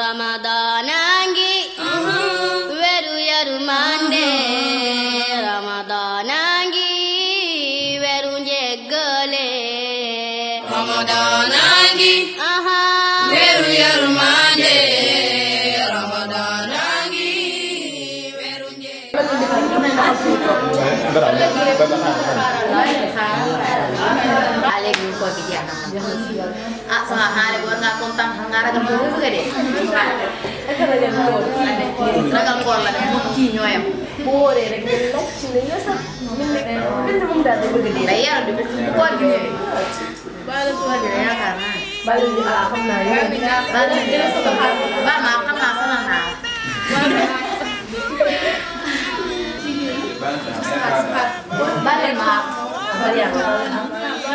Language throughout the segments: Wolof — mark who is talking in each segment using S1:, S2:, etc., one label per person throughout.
S1: ramadaanangi weeru yërmande ramadaanangi weeru njéggale ramadaanangi weeru yërmande ramadaanangi jur koor gi jeex na ah sama xaale war ngaa kontaan xam nga ragal koor bu bëgg de ragal koor la de moom kii ñooyam bu wóoree rek day laaj ci la ñu sax bind moom daal di bëgg dee day yaru di bu koor gi ñëwee
S2: baalu koor gi yaakaar
S1: naa baalu bi ah xam naa yow baalu bi baal maa xam naa sama naa baalu maa baalu maa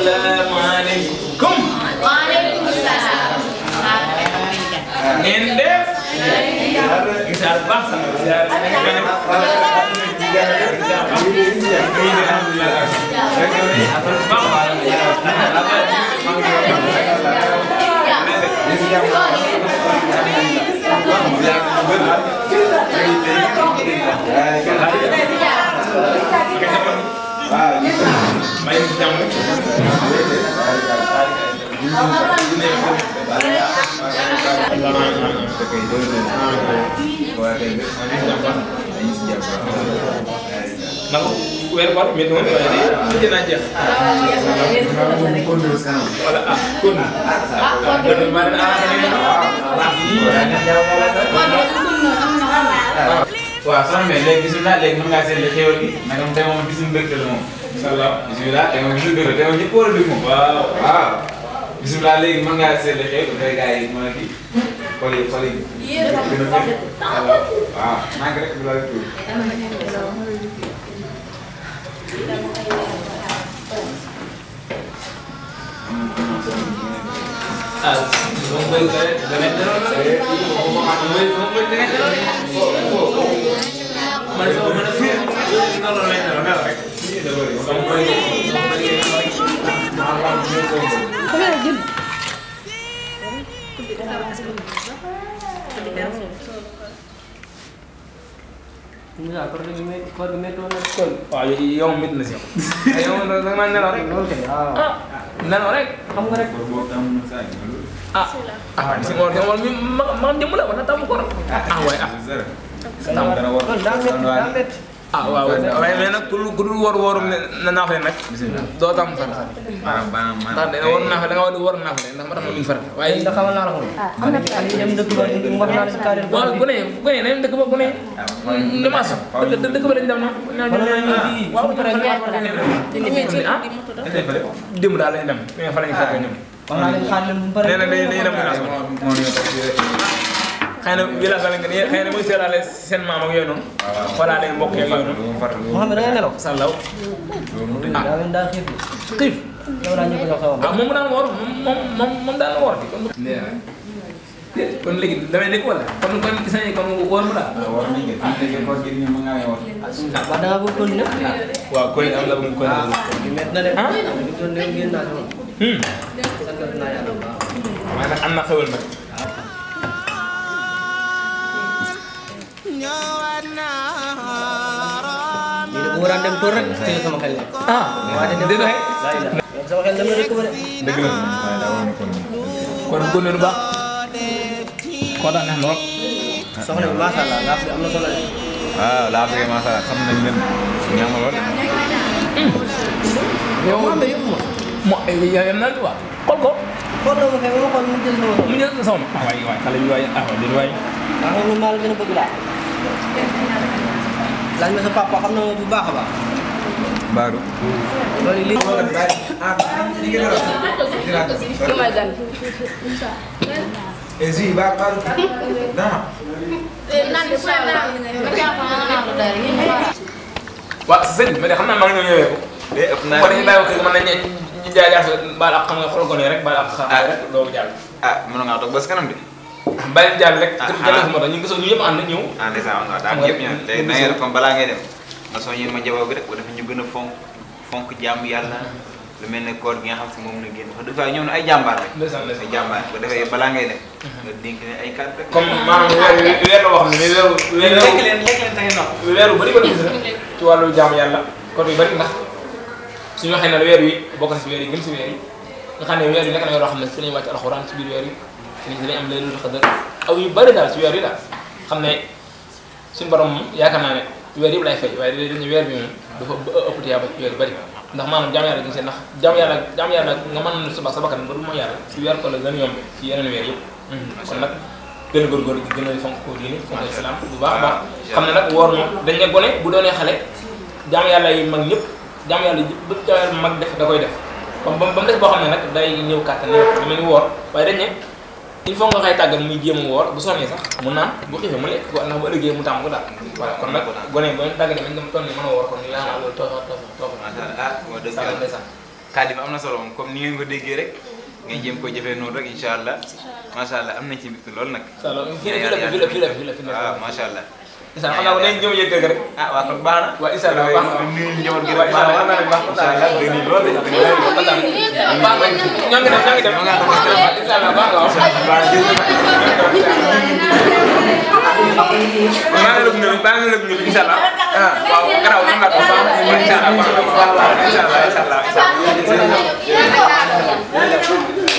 S1: asalaamaaleykum. waaleykum salaam. ngeen def. gisaar baax na gisaar baax na may ñu jàmm naka weer war mais noonu waaye de tëjee naa jeex. wala ah kon. ah kon de maanaam ah. waaw soxna Mbaye léegi gisul naa léegi mën ngaa seetlu xéwal gi mais moom tey moom gisul mbégte la moom. inshallah bisimilah te moom gis nga te moom ñëpp war a dégg moom. waaw waaw. bisimilah léegi mën ngaa seetlu xew dafay gars yi mën a kii xool yi xool yi. yéen a ngi rafetlu waaw waaw maa ngi rek bu laal tuur. ah moom mooy que damay delloo la. mooy moom mooy dangay delloo de. man sama man a. non non damay delloo delloo rek. si da bëri. waaw yow mit na si yow. yow da nga naan nelaw rek. nelaw rek xam nga rek. ah ah si ngoon si ngoon mi ma ma jëmm la wala tàmm ko ah waay ah.
S2: ah waaw waaye mais
S1: nag ku ku dul war waru na naafle nag. bisimilah doo tam far. waaw maanaam maanaam ndax war naafle da nga war war naafle ndax ma tax ma duñ far. waaye ndax xamal naa la ko. ah am na ci ay dem dëkk ba war naa la si carré. waaw bu ne bu ne dem dëkk ba bu ne. damaa sax dëkk ba lañ dem na. waaw bu paree ñu dem daal lañ dem mais fa lañ fekk ñoom. wax naa leen xaar leen bu paree. nee na dañuy dem xëy na village la nga nii xëy na mu ngi seelaale seen maam ak yooyu noonu. waaw ah. voilà day mbokk yeeg yooyu noonu. Mouhamed da nga nelaw. Sallaw. ah daa daa xiif. xiif. yow daa ñëw ko jox sa wàll. ah moom mu daan woor moom moom moom daan woor di kon. kon léegi damay nekk wala kon kon gis nañu kon woor mu daal. waaw ah, woor nañu ko fii léegi kon kii bi ñu mën ngaa woor. ah waaw da ngaa bëgg continuer. Ah. waaw kon am la bu mu continuer. ah métti na de. ah métti na de génn naa ci moom. sant naa yàlla bu baax. maanaam am na xewal nag. yéen a ko war a dem tool rek ci la sama xel la. ah dégg nga sama xel dama rek ba de. dëgg la kon kon lu baax kontaan na lool. soxna bi macha allah laaf bi am na solo de. waaw laaf bi macha allah xam nañ leen ñaama lool. yow moom yëpp moom. moom yàlla na lu baax xool ko. xool doomu kay ba ma xool mu jël sama. mu jël sama waay waay xale bi waay ah waay déedéet waay. waaw man maa la gën a bëgg laa. laaj nga sa papa xam na ma bu baax a baax. Baaru. loolu lii. ah lii gën a rafet. lii laa gën a rafet. et si Baaru Baaru. naa. waaw sëñ bi ma ne xam naa maa ngi ñëwee ko. day ëpp naa ne bàyyi nga xool gone rek bàyyi jàll rek. ah xanaa jàll ñu gisoon ñu ñëpp ànd ñëw. ah des na waaw daal yëpp ñu ne léegi na ngeen comme balaa ngay dem nga soññee ma jabaw gi rek bu dafa ñu gën a fonk fonk jàmm yàlla lu mel ne koor gi nga xam si moom la génn wax dëgg fa ñoom ay jàmbaar rek. ndeysaan ndeysaan ay jàmbaar bu defee balaa ngay dem. nga dénk leen ay kàddu rek. comme maanaam weer weer la wax ne weeru. weeru lekk leen lekk leen tey ndox. weeru bëri bëri gis na ci wàllu jàmm yàlla koor yu bëri ndax suñu waxee na weer wi bokk na si weer yi gën si weer yi nga xam ne weer yi nekk na yoo xam ne si lañu wàcc alxuraan ci biir weer yi nit ñi dañu am laylatul xadar aw yu bari daal si weer yi daal xam ne suñu borom moom yaakaar naa ne weer yëpp lay fay waaye léeg-léeg weer bi moom dafa ëpp tiyaaba ci ndax maanaam jaam yàlla gi seen ndax jaam yàlla jaam yàlla nga na suba sa bakkan ba du mooy yàlla ci weer ko a yomb ci yeneen weer yëpp mm-hmm. kon nag gën a góorgóorlu gën a fonk ko diine fonk bu baax baax xam ne nag woor dañ ne bu doonee xale jaam yàlla mag ñëpp jaam yàlla bëpp mag def da koy def ba mu def boo xam ne nag day ñëw kàttan ne mel ni woor waaye dañ ne il faut nga koy tàggat muy jéem a woor bu sonnee sax mu naan bu xiifee mu lekk ko ndax bu ëllëgee mu tàmm ko daal voilà kon nag gone yi ba ñu tàggatee ba ñu toll nii mën a woor kon laa naa loolu toofa toofa toofa macha allah ah, ah, ah kàddu am na solo moom comme ni ngeen ko déggee rek nga jéem ko jëfee noonu rek incha allah macha allah am nañ ci mbégte loolu nag. waaw macha allah incha allah xam naa ne ñëw yëg rek ah waa kon baax na. waaw incha allah baax na nuyu ñëwoon gi rek baax na baax na baax na loolu la ñoo ngi dem ñoo ngi dem incha allah baax na maa ngi lëkk ñëw maa ngi lëkk ñëw incha allah ah waaw garaaw mën naa ko baax na incha allah baax na incha allah incha allah